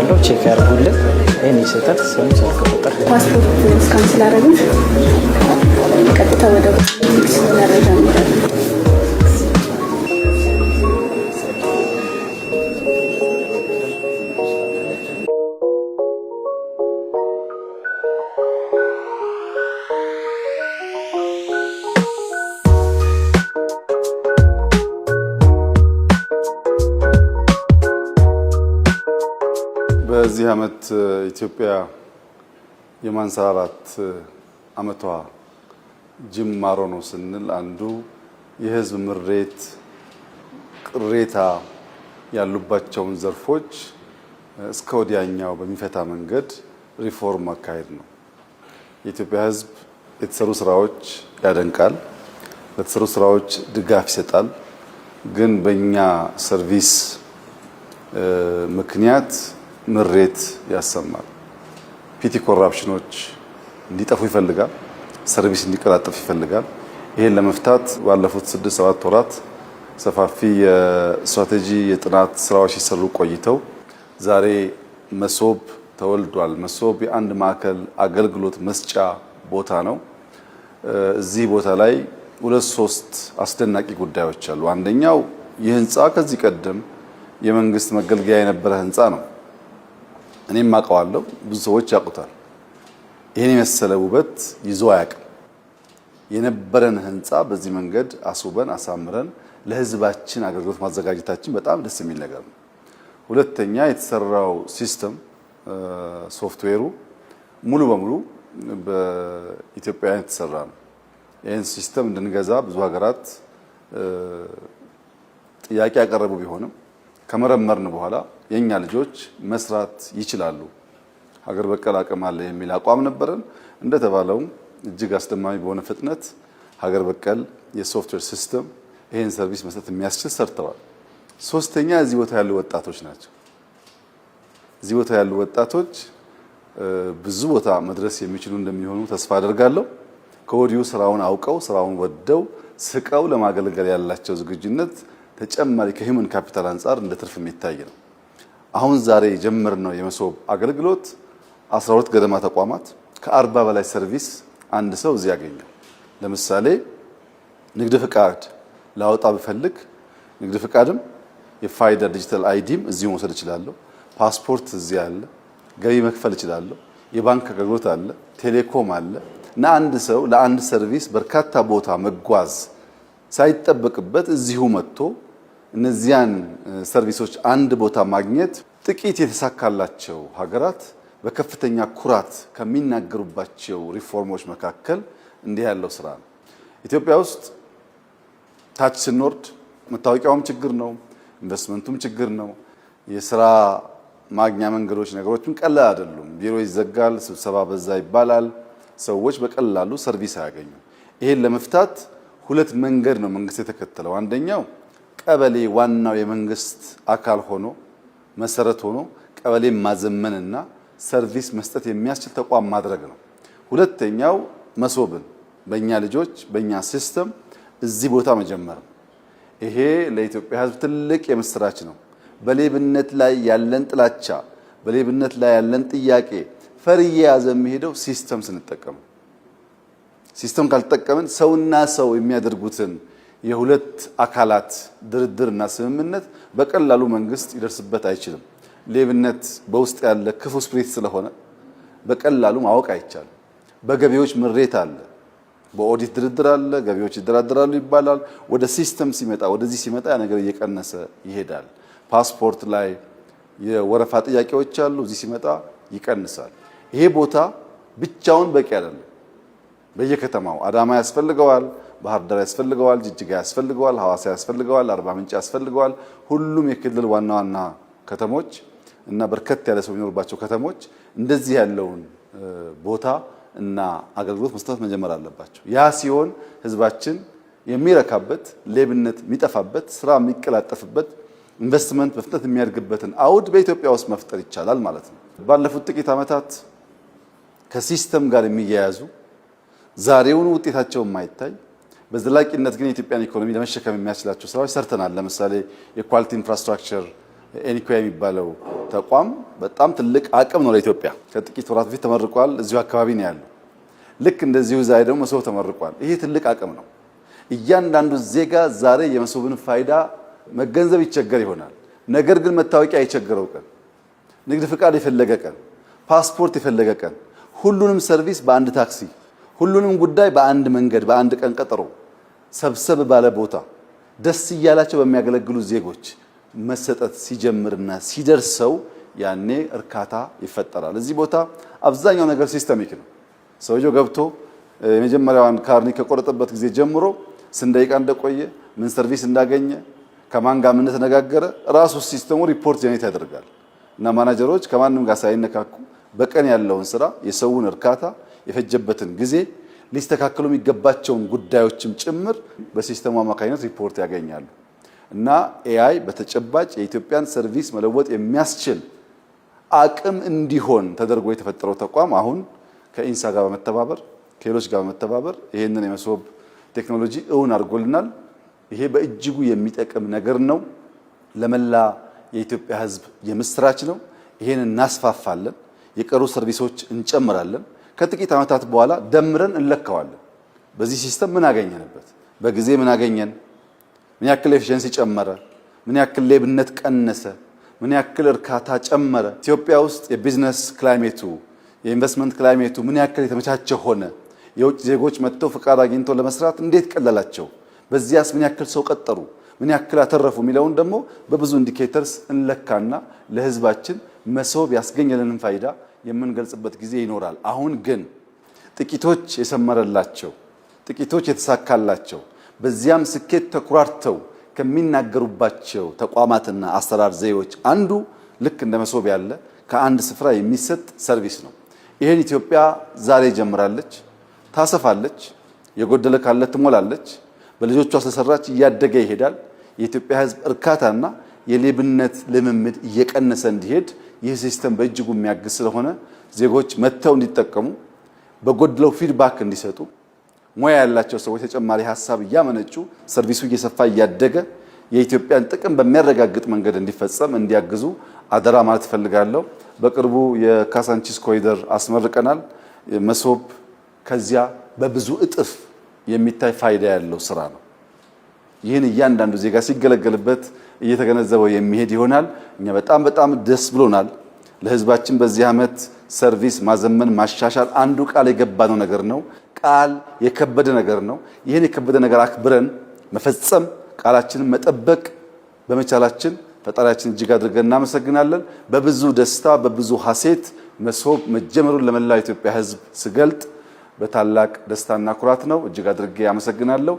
አለው። ቼክ ያርጉልን። ይህን ይሰጠት ስሙ ስልክ ቁጥር ፓስፖርት ስካን ስላደረግን ቀጥታ ወደ መረጃ በዚህ ዓመት ኢትዮጵያ የማንሰራራት ዓመቷ ጅማሮ ነው ስንል አንዱ የሕዝብ ምሬት፣ ቅሬታ ያሉባቸውን ዘርፎች እስከ ወዲያኛው በሚፈታ መንገድ ሪፎርም አካሄድ ነው። የኢትዮጵያ ሕዝብ የተሰሩ ስራዎች ያደንቃል፣ ለተሰሩ ስራዎች ድጋፍ ይሰጣል። ግን በእኛ ሰርቪስ ምክንያት ምሬት ያሰማል። ፒቲ ኮራፕሽኖች እንዲጠፉ ይፈልጋል። ሰርቪስ እንዲቀላጠፍ ይፈልጋል። ይሄን ለመፍታት ባለፉት ስድስት ሰባት ወራት ሰፋፊ የስትራቴጂ የጥናት ስራዎች ሲሰሩ ቆይተው ዛሬ መሶብ ተወልዷል። መሶብ የአንድ ማዕከል አገልግሎት መስጫ ቦታ ነው። እዚህ ቦታ ላይ ሁለት ሶስት አስደናቂ ጉዳዮች አሉ። አንደኛው ይህ ህንፃ ከዚህ ቀደም የመንግስት መገልገያ የነበረ ህንፃ ነው። እኔም አውቀዋለሁ፣ ብዙ ሰዎች ያውቁታል። ይህን የመሰለ ውበት ይዞ አያውቅም። የነበረን ህንፃ በዚህ መንገድ አስውበን አሳምረን ለህዝባችን አገልግሎት ማዘጋጀታችን በጣም ደስ የሚል ነገር ነው። ሁለተኛ የተሰራው ሲስተም ሶፍትዌሩ ሙሉ በሙሉ በኢትዮጵያውያን የተሰራ ነው። ይህን ሲስተም እንድንገዛ ብዙ ሀገራት ጥያቄ ያቀረቡ ቢሆንም ከመረመርን በኋላ የእኛ ልጆች መስራት ይችላሉ፣ ሀገር በቀል አቅም አለ የሚል አቋም ነበረን። እንደተባለው እጅግ አስደማሚ በሆነ ፍጥነት ሀገር በቀል የሶፍትዌር ሲስተም ይህን ሰርቪስ መስጠት የሚያስችል ሰርተዋል። ሶስተኛ እዚህ ቦታ ያሉ ወጣቶች ናቸው። እዚህ ቦታ ያሉ ወጣቶች ብዙ ቦታ መድረስ የሚችሉ እንደሚሆኑ ተስፋ አደርጋለሁ። ከወዲሁ ስራውን አውቀው ስራውን ወደው ስቀው ለማገልገል ያላቸው ዝግጁነት ተጨማሪ ከሂውመን ካፒታል አንጻር እንደ ትርፍ የሚታይ ነው። አሁን ዛሬ የጀመርነው የመሶብ አገልግሎት 12 ገደማ ተቋማት ከ40 በላይ ሰርቪስ አንድ ሰው እዚህ ያገኛል። ለምሳሌ ንግድ ፍቃድ ላወጣ ብፈልግ ንግድ ፍቃድም የፋይዳ ዲጂታል አይዲም እዚሁ መውሰድ እችላለሁ። ፓስፖርት እዚህ አለ። ገቢ መክፈል እችላለሁ። የባንክ አገልግሎት አለ። ቴሌኮም አለ እና አንድ ሰው ለአንድ ሰርቪስ በርካታ ቦታ መጓዝ ሳይጠበቅበት እዚሁ መጥቶ እነዚያን ሰርቪሶች አንድ ቦታ ማግኘት ጥቂት የተሳካላቸው ሀገራት በከፍተኛ ኩራት ከሚናገሩባቸው ሪፎርሞች መካከል እንዲህ ያለው ስራ ነው። ኢትዮጵያ ውስጥ ታች ስንወርድ መታወቂያውም ችግር ነው፣ ኢንቨስትመንቱም ችግር ነው። የስራ ማግኛ መንገዶች ነገሮችም ቀላል አይደሉም። ቢሮ ይዘጋል፣ ስብሰባ በዛ ይባላል። ሰዎች በቀላሉ ሰርቪስ አያገኙ። ይሄን ለመፍታት ሁለት መንገድ ነው መንግስት የተከተለው አንደኛው ቀበሌ ዋናው የመንግስት አካል ሆኖ መሰረት ሆኖ ቀበሌን ማዘመንና ሰርቪስ መስጠት የሚያስችል ተቋም ማድረግ ነው። ሁለተኛው መሶብን በእኛ ልጆች በእኛ ሲስተም እዚህ ቦታ መጀመር ነው። ይሄ ለኢትዮጵያ ሕዝብ ትልቅ የምስራች ነው። በሌብነት ላይ ያለን ጥላቻ፣ በሌብነት ላይ ያለን ጥያቄ ፈር እየያዘ የሚሄደው ሲስተም ስንጠቀም ሲስተም ካልተጠቀምን ሰውና ሰው የሚያደርጉትን የሁለት አካላት ድርድርና ስምምነት በቀላሉ መንግስት ሊደርስበት አይችልም። ሌብነት በውስጥ ያለ ክፉ ስፕሪት ስለሆነ በቀላሉ ማወቅ አይቻልም። በገቢዎች ምሬት አለ፣ በኦዲት ድርድር አለ፣ ገቢዎች ይደራደራሉ ይባላል። ወደ ሲስተም ሲመጣ ወደዚህ ሲመጣ ያ ነገር እየቀነሰ ይሄዳል። ፓስፖርት ላይ የወረፋ ጥያቄዎች አሉ፣ እዚህ ሲመጣ ይቀንሳል። ይሄ ቦታ ብቻውን በቂ አይደለም። በየከተማው አዳማ ያስፈልገዋል፣ ባህር ዳር ያስፈልገዋል፣ ጅጅጋ ያስፈልገዋል፣ ሐዋሳ ያስፈልገዋል፣ አርባ ምንጭ ያስፈልገዋል። ሁሉም የክልል ዋና ዋና ከተሞች እና በርከት ያለ ሰው የሚኖርባቸው ከተሞች እንደዚህ ያለውን ቦታ እና አገልግሎት መስጠት መጀመር አለባቸው። ያ ሲሆን ህዝባችን የሚረካበት፣ ሌብነት የሚጠፋበት፣ ስራ የሚቀላጠፍበት፣ ኢንቨስትመንት በፍጥነት የሚያድግበትን አውድ በኢትዮጵያ ውስጥ መፍጠር ይቻላል ማለት ነው። ባለፉት ጥቂት ዓመታት ከሲስተም ጋር የሚያያዙ ዛሬውን ውጤታቸው የማይታይ በዘላቂነት ግን የኢትዮጵያን ኢኮኖሚ ለመሸከም የሚያስችላቸው ስራዎች ሰርተናል። ለምሳሌ የኳሊቲ ኢንፍራስትራክቸር ኤኒኮያ የሚባለው ተቋም በጣም ትልቅ አቅም ነው ለኢትዮጵያ። ከጥቂት ወራት በፊት ተመርቋል። እዚሁ አካባቢ ነው ያለው። ልክ እንደዚሁ ዛሬ ደግሞ መሶብ ተመርቋል። ይሄ ትልቅ አቅም ነው። እያንዳንዱ ዜጋ ዛሬ የመሶብን ፋይዳ መገንዘብ ይቸገር ይሆናል። ነገር ግን መታወቂያ የቸገረው ቀን፣ ንግድ ፍቃድ የፈለገ ቀን፣ ፓስፖርት የፈለገ ቀን ሁሉንም ሰርቪስ በአንድ ታክሲ ሁሉንም ጉዳይ በአንድ መንገድ በአንድ ቀን ቀጠሮ ሰብሰብ ባለ ቦታ ደስ እያላቸው በሚያገለግሉ ዜጎች መሰጠት ሲጀምርና ሲደርሰው ያኔ እርካታ ይፈጠራል። እዚህ ቦታ አብዛኛው ነገር ሲስተሚክ ነው። ሰውየው ገብቶ የመጀመሪያዋን ካርኒ ከቆረጠበት ጊዜ ጀምሮ ስንት ደቂቃ እንደቆየ፣ ምን ሰርቪስ እንዳገኘ፣ ከማን ጋር ምን ተነጋገረ ራሱ ሲስተሙ ሪፖርት ጀኔሬት ያደርጋል እና ማናጀሮች ከማንም ጋር ሳይነካኩ በቀን ያለውን ስራ የሰውን እርካታ የፈጀበትን ጊዜ ሊስተካከሉ የሚገባቸውን ጉዳዮችም ጭምር በሲስተሙ አማካኝነት ሪፖርት ያገኛሉ እና ኤአይ በተጨባጭ የኢትዮጵያን ሰርቪስ መለወጥ የሚያስችል አቅም እንዲሆን ተደርጎ የተፈጠረው ተቋም አሁን ከኢንሳ ጋር በመተባበር ከሌሎች ጋር በመተባበር ይህንን የመሶብ ቴክኖሎጂ እውን አድርጎልናል። ይሄ በእጅጉ የሚጠቅም ነገር ነው። ለመላ የኢትዮጵያ ሕዝብ የምስራች ነው። ይሄን እናስፋፋለን። የቀሩ ሰርቪሶች እንጨምራለን። ከጥቂት ዓመታት በኋላ ደምረን እንለካዋለን። በዚህ ሲስተም ምን አገኘንበት፣ በጊዜ ምን አገኘን፣ ምን ያክል ኤፊሽንሲ ጨመረ፣ ምን ያክል ሌብነት ቀነሰ፣ ምን ያክል እርካታ ጨመረ፣ ኢትዮጵያ ውስጥ የቢዝነስ ክላይሜቱ የኢንቨስትመንት ክላይሜቱ ምን ያክል የተመቻቸ ሆነ፣ የውጭ ዜጎች መጥተው ፍቃድ አግኝቶ ለመስራት እንዴት ቀለላቸው፣ በዚያስ ምን ያክል ሰው ቀጠሩ፣ ምን ያክል አተረፉ የሚለውን ደግሞ በብዙ ኢንዲኬተርስ እንለካና ለህዝባችን መሶብ ያስገኘልንን ፋይዳ የምንገልጽበት ጊዜ ይኖራል። አሁን ግን ጥቂቶች የሰመረላቸው፣ ጥቂቶች የተሳካላቸው በዚያም ስኬት ተኩራርተው ከሚናገሩባቸው ተቋማትና አሰራር ዘዴዎች አንዱ ልክ እንደ መሶብ ያለ ከአንድ ስፍራ የሚሰጥ ሰርቪስ ነው። ይህን ኢትዮጵያ ዛሬ ጀምራለች፣ ታሰፋለች፣ የጎደለ ካለ ትሞላለች። በልጆቿ ስለሰራች እያደገ ይሄዳል። የኢትዮጵያ ሕዝብ እርካታና የሌብነት ልምምድ እየቀነሰ እንዲሄድ ይህ ሲስተም በእጅጉ የሚያግዝ ስለሆነ ዜጎች መጥተው እንዲጠቀሙ በጎድለው ፊድባክ እንዲሰጡ ሙያ ያላቸው ሰዎች ተጨማሪ ሀሳብ እያመነጩ ሰርቪሱ እየሰፋ እያደገ የኢትዮጵያን ጥቅም በሚያረጋግጥ መንገድ እንዲፈጸም እንዲያግዙ አደራ ማለት እፈልጋለሁ። በቅርቡ የካሳንቺስ ኮሪደር አስመርቀናል። መሶብ ከዚያ በብዙ እጥፍ የሚታይ ፋይዳ ያለው ስራ ነው። ይህን እያንዳንዱ ዜጋ ሲገለገልበት እየተገነዘበው የሚሄድ ይሆናል። እኛ በጣም በጣም ደስ ብሎናል። ለህዝባችን በዚህ ዓመት ሰርቪስ ማዘመን ማሻሻል አንዱ ቃል የገባነው ነገር ነው። ቃል የከበደ ነገር ነው። ይህን የከበደ ነገር አክብረን መፈጸም ቃላችንን መጠበቅ በመቻላችን ፈጣሪያችን እጅግ አድርገን እናመሰግናለን። በብዙ ደስታ በብዙ ሐሴት መሶብ መጀመሩን ለመላው ኢትዮጵያ ህዝብ ስገልጥ በታላቅ ደስታና ኩራት ነው። እጅግ አድርጌ አመሰግናለሁ።